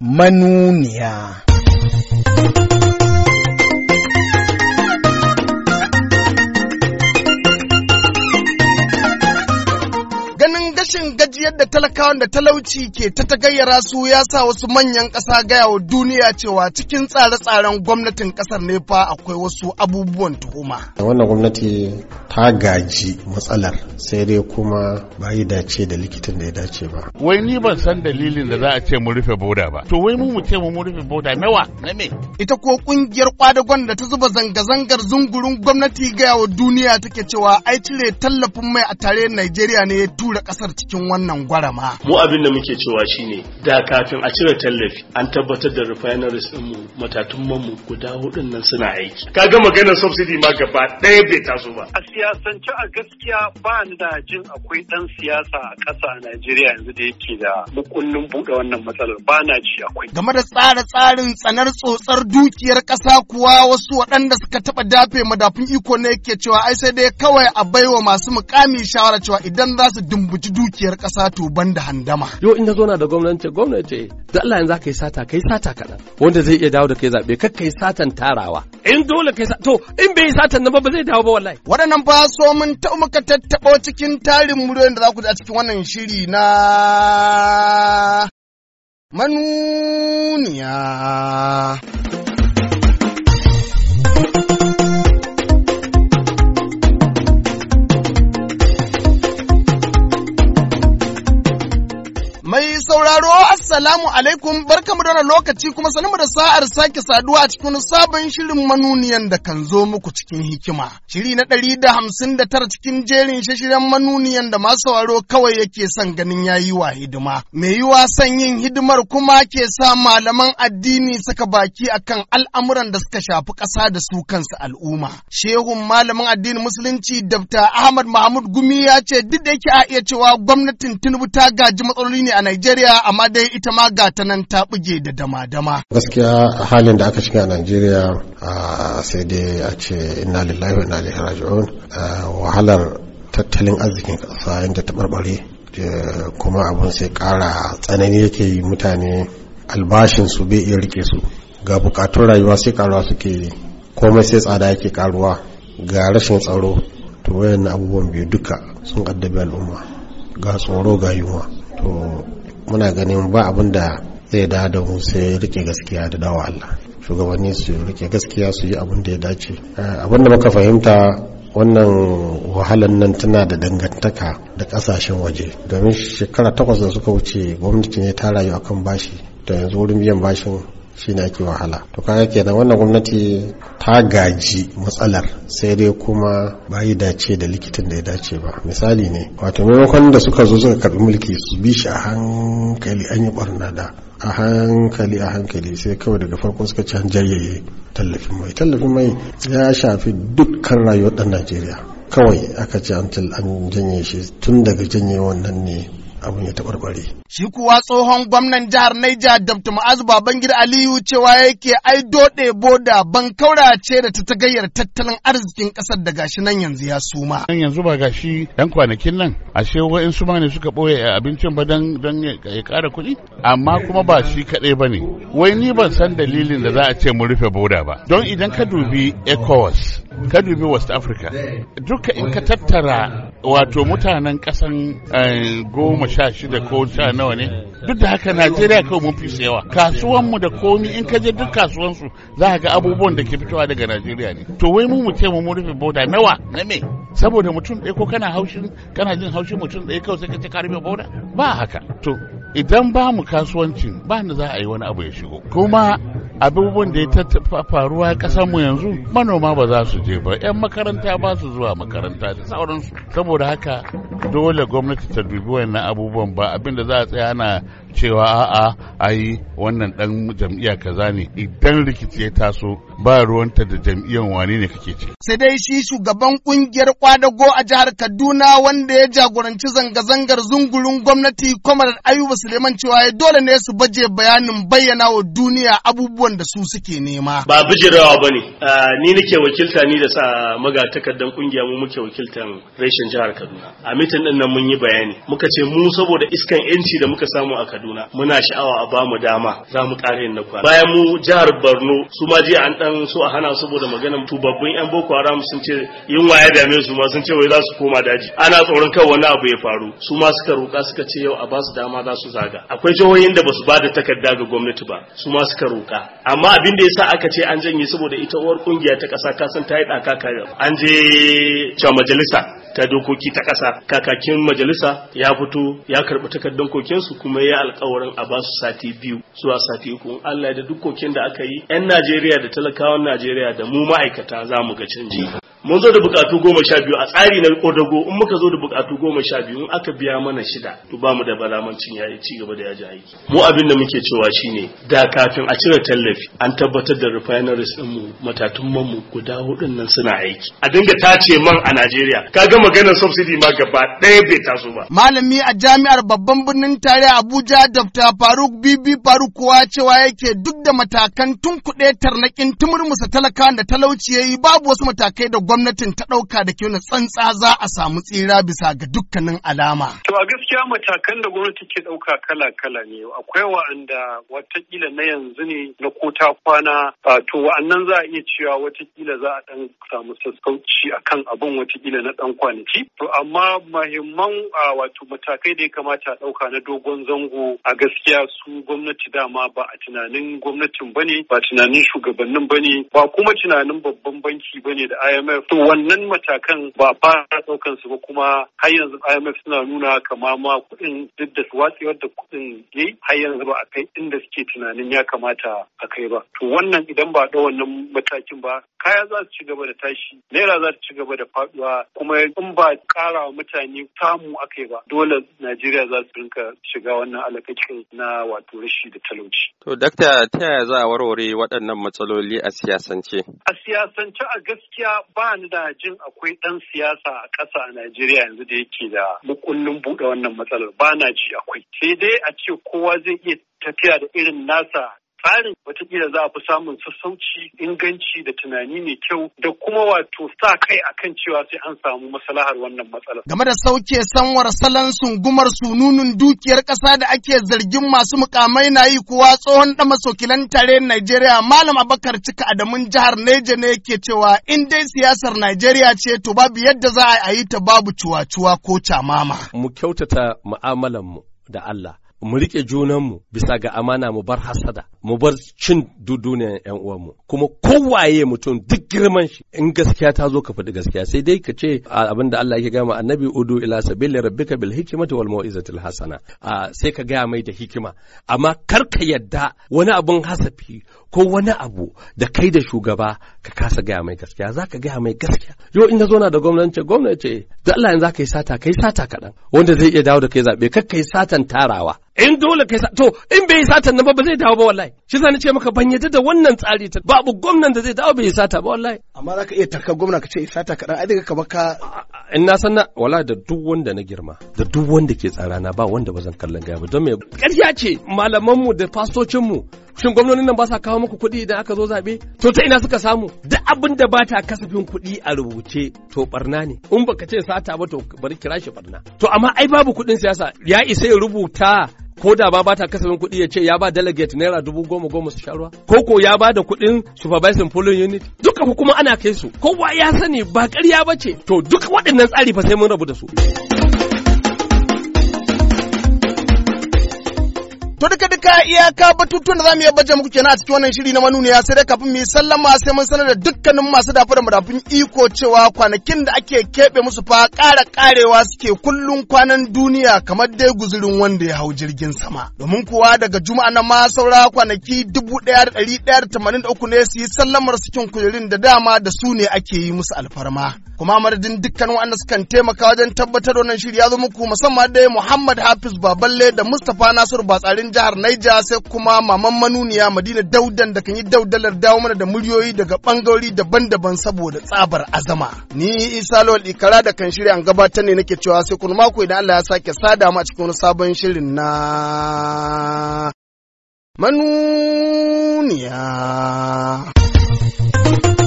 manuniya. Rashin gajiyar da talakawan da talauci ke ta tagayyara su ya sa wasu manyan ƙasa gaya wa duniya cewa cikin tsare-tsaren gwamnatin ƙasar ne fa akwai wasu abubuwan tuhuma. Wannan gwamnati ta gaji matsalar sai dai kuma ba yi dace da likitan da ya dace ba. Wai ni ban san dalilin da za a ce mu rufe boda ba. To wai mu mu ce mu rufe boda nawa na me? Ita ko kungiyar kwadagon da ta zuba zanga-zangar zungurun gwamnati gaya wa duniya take cewa ai cire tallafin mai a tare Najeriya ne ya tura ƙasar cikin wannan gwarama. Mu abin da muke cewa shine da kafin a cire tallafi an tabbatar da refineries din mu matatun mu guda hudun nan suna aiki. Ka ga maganar subsidy ma gaba ɗaya bai taso ba. A siyasance a gaskiya ba ni da jin akwai ɗan siyasa a ƙasa Najeriya yanzu da yake da mukullin buɗe wannan matsalar ba na ji akwai. Game da tsare tsarin tsanar tsotsar dukiyar ƙasa kuwa wasu waɗanda suka taɓa dafe madafin iko ne ke cewa ai sai dai kawai a baiwa masu mukami shawara cewa idan za su dumbuci dukiyar dukiyar ƙasa to ban da handama. Yau in ka zo na da gwamnati gwamnati da Allah yanzu ka yi sata ka yi sata kaɗan wanda zai iya dawo da kai zaɓe kar ka yi satan tarawa. In dole ka yi to in bai yi satan nan ba ba zai dawo ba wallahi. Waɗannan fa so mun ta muka tattaɓo cikin tarin muryoyin da za ku ji a cikin wannan shiri na manuniya. al alaikum barkamu da lokaci kuma sanin da sa'ar sake saduwa a cikin sabon shirin manuniyan da kan zo muku cikin hikima. Shiri na ɗari da hamsin da tara cikin jerin shashiren manuniyan da masu sauraro kawai yake son ganin ya yi wa hidima. Mai yi son yin hidimar kuma ke sa malaman addini saka baki akan al'amuran da suka shafi ƙasa da su kansu al'umma. Shehu, malamin addinin musulunci Dr. Ahmad Mahmud Gumi ya ce duk da yake a iya cewa gwamnatin Tinubu ta gaji matsaloli ne a Najeriya amma dai ita ma ga ta nan nan ta buge da dama-dama. Gaskiya halin da aka shiga a Najeriya sai dai a ce inna lillahi wa inna ilaihi raji'un wahalar tattalin arzikin kasa yadda ta barbare kuma abun sai kara tsanani yake yi mutane albashin su bai iya rike su ga bukatun rayuwa sai karuwa suke komai sai tsada yake karuwa ga rashin tsaro to wayan abubuwan biyu duka sun kaddabi al'umma ga tsoro ga yunwa to muna ganin ba abin da zai da da mu sai rike gaskiya da dawa Allah shugabanni su rike gaskiya su yi abin da ya dace eh, abin da muka fahimta wannan wahalan nan tana da dangantaka da kasashen waje domin shekara takwas da suka wuce gwamnati ne ta rayu akan bashi da yanzu wurin biyan bashin shine ake wahala to kaga kenan wannan gwamnati ta gaji matsalar sai dai kuma Ba yi dace da likitan da ya dace ba misali ne wato maimakon da suka zo suka karbi mulki su bi shi a hankali an yi barna da a hankali a hankali sai kawai daga farko suka ci hanjayyaye tallafin mai tallafin mai ya shafi dukkan rayuwar dan najeriya kawai aka ce an janye shi tun daga janye wannan ne abin ya tabarbare. Shi kuwa tsohon gwamnan jihar Naija Dr. Ma'azu Babangida Aliyu cewa yake ai doɗe boda bankaura ce da ta tagayyar tattalin arzikin ƙasar da gashi nan yanzu ya suma. Nan yanzu ba gashi dan kwanakin nan ashe wa'in su ne suka boye abincin ba don ya ƙara kuɗi amma kuma ba shi kaɗai ba ne, Wai ni ban san dalilin da za a ce mu rufe boda ba. Don idan ka dubi ECOWAS ka dubi west africa duka in ka tattara wato mutanen kasan eh, goma sha shida ko sha nawa ne duk da haka najeriya kawai mun fi yawa mu da komi in ka je duk kasuwansu za ga abubuwan da ke fitowa daga najeriya ne to wai mu mu ce mu rufe boda nawa na me saboda mutum ɗaya ko kana haushin kana jin haushin mutum ɗaya kawai sai ka ce ka rufe boda ba haka to idan ba mu kasuwancin ba za a yi wani abu ya shigo kuma abubuwan da ya faruwa mu yanzu manoma ba za su je ba 'yan makaranta ba su zuwa makaranta da sauransu saboda haka dole gwamnati ta dubi wannan abubuwan ba abinda za a tsaya ana cewa a'a yi wannan dan jam'iyya kaza ne idan rikici ya taso ba ruwanta da jam'iyyar wane ne kake ce sai dai shi shugaban kungiyar kwadago a jihar Kaduna wanda ya jagoranci zanga-zangar zungurun gwamnati Kwamar Ayuba Suleiman cewa dole ne su baje bayanin bayyana wa duniya abubuwan abubuwan da su suke nema ba bijirawa ba ne ni nake wakilta ni da sa magatakardan kungiya mu muke wakiltan reshen jihar kaduna a mitin din nan mun yi bayani muka ce mu saboda iskan yanci da muka samu a kaduna muna sha'awa a bamu dama za mu ƙara yin na bayan mu jihar borno su ma an dan so a hana saboda maganar tubabbin yan boko haram sun ce yunwa ya dame su ma sun ce wai za su koma daji ana tsoron kan wani abu ya faru su ma suka roƙa suka ce yau a ba su dama za su zaga akwai jihohin da ba su ba da takarda ga gwamnati ba su ma suka roƙa amma abin da yasa aka ce an janye saboda ita uwar kungiya ta kasa kasan ta yi daka an je cewa majalisa ta dokoki ta kasa kakakin majalisa ya fito ya karbi takardun kokin su kuma ya alƙawarin a basu sati biyu zuwa sati uku Allah da duk da aka yi yan Najeriya da talakawan Najeriya da mu ma'aikata za mu ga canji mun zo da bukatu goma sha biyu a tsari na kodago in muka zo da bukatu goma sha biyu in aka biya mana shida to ba mu da balamancin yayi ci gaba da yaji aiki mu abin da muke cewa shine da kafin a cire tallafi an tabbatar da refineries din mu matatun mu guda hudun nan suna aiki a dinga tace man a Najeriya kaga maganar subsidy ma gaba ɗaya bai taso ba malami a jami'ar babban birnin tare Abuja Dr. Faruk Bibi Faruk kuwa cewa yake duk da matakan tunkuɗe tarnaƙin tumurmusa talaka da talauci yayi babu wasu matakai da gwamnatin ta ɗauka da kyau na tsantsa za a samu tsira bisa ga dukkanin alama. To a gaskiya matakan da gwamnati ke ɗauka kala-kala ne akwai wa'anda watakila na yanzu ne na kota kwana to wa'annan za a iya cewa watakila za a ɗan samu sassauci a kan abin watakila na ɗan kwanaki. To amma mahimman wato matakai da ya kamata a ɗauka na dogon zango a gaskiya su gwamnati dama ba a tunanin gwamnatin ne, ba tunanin shugabannin ba ne, ba kuma tunanin babban banki ba ne da IMF to wannan matakan ba fara daukan su ba kuma har yanzu IMF suna nuna kama ma kuɗin duk da watsewar da kuɗin yayi har yanzu ba a kai inda suke tunanin ya kamata a kai ba to wannan idan ba da wannan matakin ba kaya za su ci gaba da tashi naira za su ci gaba da faduwa kuma in ba kara wa mutane samu akai ba dole najeriya za su rinka shiga wannan alakakin na wato rashi da talauci. to dakta ta yaya za a warware waɗannan matsaloli a siyasance. a siyasance a gaskiya ba Bani ni da jin akwai ɗan siyasa a ƙasa a Najeriya yanzu da yake da mukullin buɗe wannan matsalar ba na ji akwai. Sai dai a ce kowa zai iya tafiya da irin nasa tsarin watakila za a fi samun sassauci inganci da tunani mai kyau da kuma wato sa kai akan cewa sai an samu masalahar wannan matsalar. Game da sauke sanwar salon sungumar sununun dukiyar ƙasa da ake zargin masu mukamai na yi kuwa tsohon ɗan masokilan tare Najeriya Malam Abakar Cika Adamun jihar Neja ne ke cewa in dai siyasar Najeriya ce to babu yadda za a yi ta babu cuwacuwa ko camama. Mu kyautata mu'amalanmu da Allah. mu riƙe junanmu bisa ga amana mu bar hasada mu bar cin duduniyan yan uwanmu kuma kowaye mutum duk girman shi in gaskiya ta zo ka faɗi gaskiya sai dai ka ce abinda Allah yake gama annabi udu ila sabili rabbika bil hikmati wal mau'izatil hasana sai ka gaya mai da hikima amma kar ka yadda wani abun hasafi ko wani abu da kai da shugaba ka kasa gaya mai gaskiya za ka gaya mai gaskiya yo in zo na da gwamnati gwamnati da Allah in za ka yi sata kai sata kaɗan wanda zai iya dawo da kai zaɓe kar ka yi satan tarawa in dole kai sata. to in bai yi satan nan ba ba zai dawo ba wallahi Shi zan ce maka ban yadda da wannan tsari ta babu gwamnan da zai dawo bai sata ba wallahi. Amma za ka iya tarka gwamna ka ce eh, sata kaɗan ai daga kamar ka. In na sanna wala da duk wanda na girma da duk wanda ke tsarana ba wanda ba zan kallon gaya ba don me ƙarya ce malamanmu da fastocinmu shin gwamnonin nan ba sa kawo muku kuɗi idan aka zo zaɓe to ta ina suka samu duk abin da ba ta kasafin kuɗi a rubuce to barna ne in baka ce sata ba to bari kira shi barna to amma ai babu kuɗin siyasa ya isa ya rubuta ko da ba bata kasafin kuɗi ya ce ya ba delegate naira dubu goma goma su sharuwa ko ko ya ba da kuɗin supervising polling unit duka kuma ana kai su kowa ya sani ba ƙarya ba ce to duka waɗannan tsari fa sai mun rabu da su. To duka duka iyaka batutuwan da zamu iya baje muku kenan a cikin wannan shiri na manuniya sai dai kafin mu sallama sai mun sanar da dukkanin masu dafa da madafun iko cewa kwanakin da ake keɓe musu fa ƙara ƙarewa suke kullun kwanan duniya kamar dai guzurin wanda ya hau jirgin sama. Domin kuwa daga juma'a na ma saura kwanaki dubu ɗaya da ɗari ɗaya da tamanin da uku ne su yi sallamar cikin kujerin da dama da su ne ake yi musu alfarma. Kuma madadin dukkan waɗanda suka taimaka wajen tabbatar wannan shiri ya zo muku musamman dai Muhammad Hafiz Baballe da Mustapha Nasiru Batsarin jihar Naija sai kuma maman manuniya Madina Daudan da kan yi daudalar dawo mana da muryoyi daga bangarori daban-daban saboda tsabar azama. Ni Isa Lawal Ikara da kan shirya an gabatar ne nake cewa sai kun mako idan Allah ya sake sada mu a cikin wani sabon shirin na manuniya.